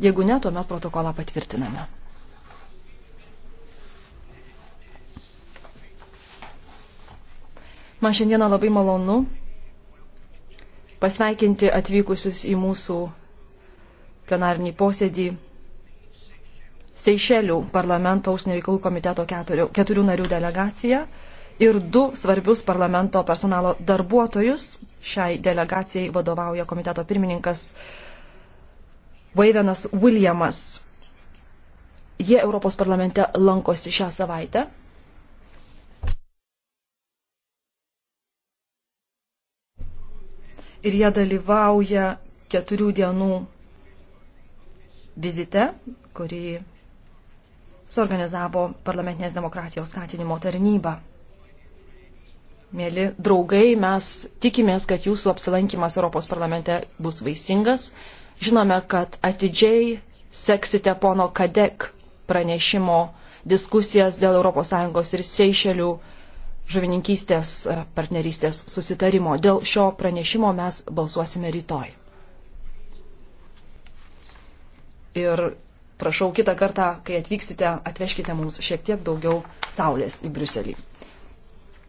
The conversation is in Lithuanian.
Jeigu ne, tuomet protokolą patvirtiname. Man šiandieną labai malonu pasveikinti atvykusius į mūsų plenarinį posėdį Seišelių parlamento užsienio reikalų komiteto keturių, keturių narių delegaciją ir du svarbius parlamento personalo darbuotojus. Šiai delegacijai vadovauja komiteto pirmininkas Vaivenas Williamas. Jie Europos parlamente lankosi šią savaitę. Ir jie dalyvauja keturių dienų vizite, kurį suorganizavo parlamentinės demokratijos skatinimo tarnyba. Mėly draugai, mes tikimės, kad jūsų apsilankimas Europos parlamente bus vaisingas. Žinome, kad atidžiai seksite pono Kadek pranešimo diskusijas dėl ES ir Seišelių žuvininkystės e, partnerystės susitarimo. Dėl šio pranešimo mes balsuosime rytoj. Ir prašau kitą kartą, kai atvyksite, atvežkite mums šiek tiek daugiau saulės į Briuselį.